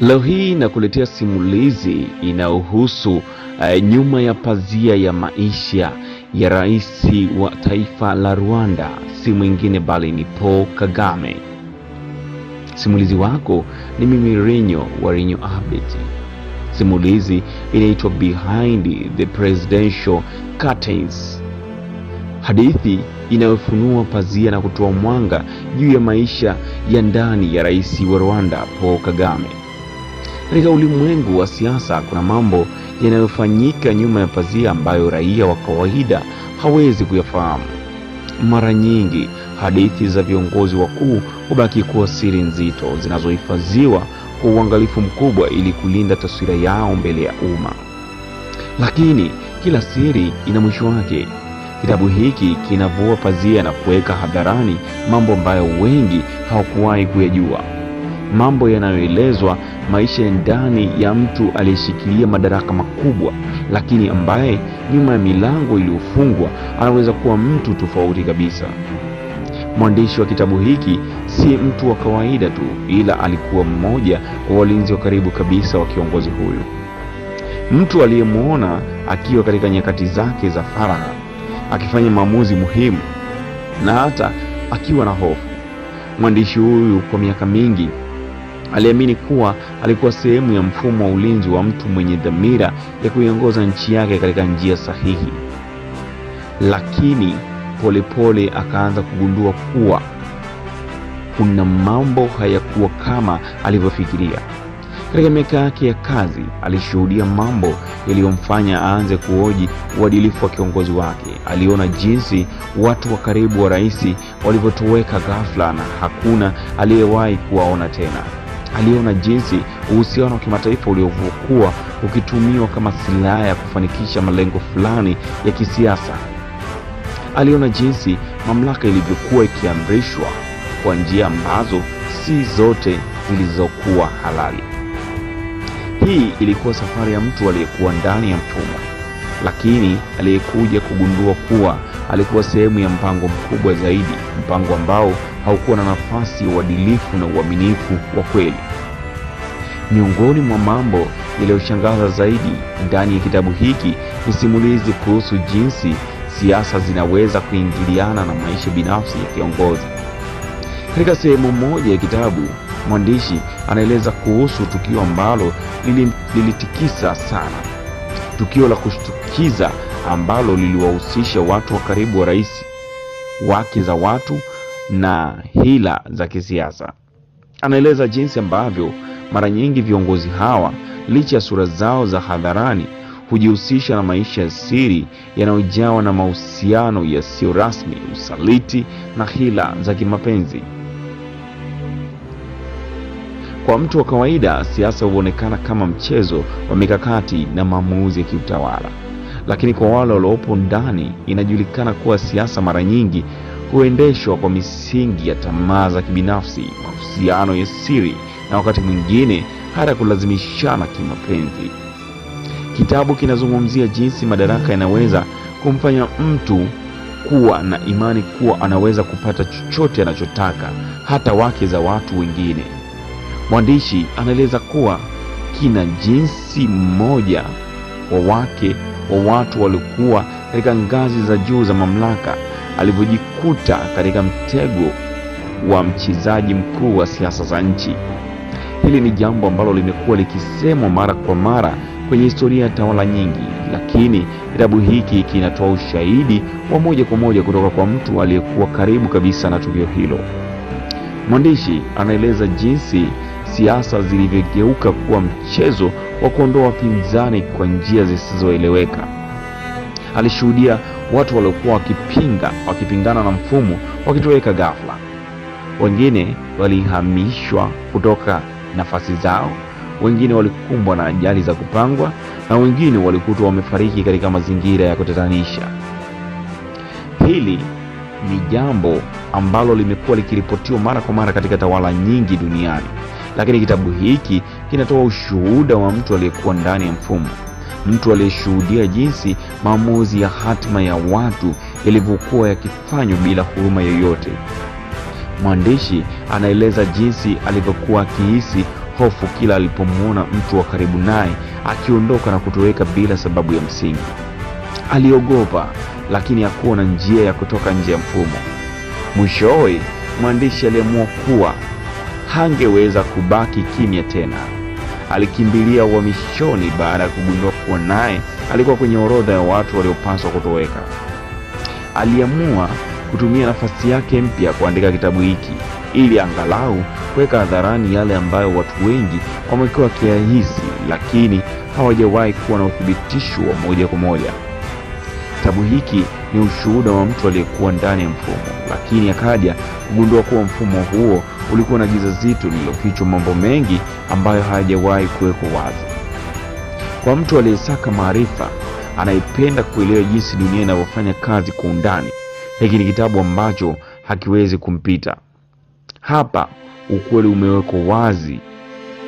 Leo hii nakuletea simulizi inayohusu uh, nyuma ya pazia ya maisha ya rais wa taifa la Rwanda, si mwingine bali ni Paul Kagame. Simulizi wako ni mimi Rinyo wa Rinyo Update. Simulizi inaitwa Behind the Presidential Curtains, hadithi inayofunua pazia na kutoa mwanga juu ya maisha ya ndani ya rais wa Rwanda Paul Kagame. Katika ulimwengu wa siasa kuna mambo yanayofanyika nyuma ya pazia ambayo raia wa kawaida hawezi kuyafahamu. Mara nyingi hadithi za viongozi wakuu hubaki kuwa siri nzito zinazohifadhiwa kwa uangalifu mkubwa ili kulinda taswira yao mbele ya umma. Lakini kila siri ina mwisho wake. Kitabu hiki kinavua pazia na kuweka hadharani mambo ambayo wengi hawakuwahi kuyajua, mambo yanayoelezwa maisha ya ndani ya mtu aliyeshikilia madaraka makubwa, lakini ambaye nyuma ya milango iliyofungwa anaweza kuwa mtu tofauti kabisa. Mwandishi wa kitabu hiki si mtu wa kawaida tu, ila alikuwa mmoja wa walinzi wa karibu kabisa wa kiongozi huyu, mtu aliyemwona akiwa katika nyakati zake za faraha akifanya maamuzi muhimu na hata akiwa na hofu. Mwandishi huyu kwa miaka mingi aliamini kuwa alikuwa sehemu ya mfumo wa ulinzi wa mtu mwenye dhamira ya kuiongoza nchi yake katika njia sahihi. Lakini polepole pole akaanza kugundua kuwa kuna mambo hayakuwa kama alivyofikiria. Katika miaka yake ya kazi alishuhudia mambo yaliyomfanya aanze kuhoji uadilifu wa kiongozi wake. Aliona jinsi watu wa karibu wa rais walivyotoweka ghafla na hakuna aliyewahi kuwaona tena aliona jinsi uhusiano wa kimataifa ulivyokuwa ukitumiwa kama silaha ya kufanikisha malengo fulani ya kisiasa. Aliona jinsi mamlaka ilivyokuwa ikiamrishwa kwa njia ambazo si zote zilizokuwa halali. Hii ilikuwa safari ya mtu aliyekuwa ndani ya mfumo, lakini aliyekuja kugundua kuwa alikuwa sehemu ya mpango mkubwa zaidi, mpango ambao haukuwa na nafasi ya uadilifu na uaminifu wa kweli. Miongoni mwa mambo yaliyoshangaza zaidi ndani ya kitabu hiki ni simulizi kuhusu jinsi siasa zinaweza kuingiliana na maisha binafsi ya kiongozi. Katika sehemu moja ya kitabu, mwandishi anaeleza kuhusu tukio ambalo lilitikisa sana, tukio la kushtukiza ambalo liliwahusisha watu wa karibu wa rais, wake za watu na hila za kisiasa. Anaeleza jinsi ambavyo mara nyingi viongozi hawa licha ya sura zao za hadharani hujihusisha na maisha ya siri yanayojawa na mahusiano yasiyo rasmi, usaliti na hila za kimapenzi. Kwa mtu wa kawaida, siasa huonekana kama mchezo wa mikakati na maamuzi ya kiutawala lakini kwa wale waliopo ndani, inajulikana kuwa siasa mara nyingi huendeshwa kwa misingi ya tamaa za kibinafsi, mahusiano ya siri na wakati mwingine hata kulazimishana kimapenzi. Kitabu kinazungumzia jinsi madaraka yanaweza kumfanya mtu kuwa na imani kuwa anaweza kupata chochote anachotaka, hata wake za watu wengine. Mwandishi anaeleza kuwa kina jinsi mmoja wa wake wa watu waliokuwa katika ngazi za juu za mamlaka alivyojikuta katika mtego wa mchezaji mkuu wa siasa za nchi. Hili ni jambo ambalo limekuwa likisemwa mara kwa mara kwenye historia ya tawala nyingi, lakini kitabu hiki kinatoa ushahidi wa moja kwa moja kutoka kwa mtu aliyekuwa karibu kabisa na tukio hilo. Mwandishi anaeleza jinsi siasa zilivyogeuka kuwa mchezo wa kuondoa wapinzani kwa njia zisizoeleweka. Alishuhudia watu waliokuwa wakipinga wakipingana na mfumo wakitoweka ghafla. Wengine walihamishwa kutoka nafasi zao, wengine walikumbwa na ajali za kupangwa, na wengine walikutwa wamefariki katika mazingira ya kutatanisha. Hili ni jambo ambalo limekuwa likiripotiwa mara kwa mara katika tawala nyingi duniani lakini kitabu hiki kinatoa ushuhuda wa mtu aliyekuwa ndani ya mfumo, mtu aliyeshuhudia jinsi maamuzi ya hatima ya watu yalivyokuwa yakifanywa bila huruma yoyote. Mwandishi anaeleza jinsi alivyokuwa akihisi hofu kila alipomwona mtu wa karibu naye akiondoka na kutoweka bila sababu ya msingi. Aliogopa, lakini hakuwa na njia ya kutoka nje ya mfumo. Mwishowe mwandishi aliamua kuwa hangeweza kubaki kimya tena. Alikimbilia uhamishoni baada ya kugundua kuwa naye alikuwa kwenye orodha ya watu waliopaswa kutoweka. Aliamua kutumia nafasi yake mpya kuandika kitabu hiki ili angalau kuweka hadharani yale ambayo watu wengi wamekuwa wakiyahisi, lakini hawajawahi kuwa na uthibitisho wa moja kwa moja. Kitabu hiki ni ushuhuda wa mtu aliyekuwa ndani ya mfumo, lakini akaja kugundua kuwa mfumo huo ulikuwa na giza zito lililofichwa mambo mengi ambayo hayajawahi kuwekwa wazi. Kwa mtu aliyesaka maarifa, anayependa kuelewa jinsi dunia inavyofanya kazi kwa undani, hiki ni kitabu ambacho hakiwezi kumpita. Hapa ukweli umewekwa wazi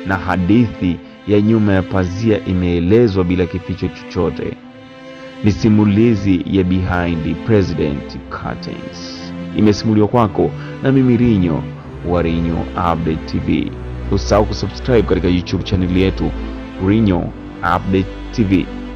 na hadithi ya nyuma ya pazia imeelezwa bila kificho chochote. Ni simulizi ya Behind President Curtains, imesimuliwa kwako na mimi Rinyo wa Rinyo Update TV. Usisahau kusubscribe katika YouTube chaneli yetu Rinyo Update TV.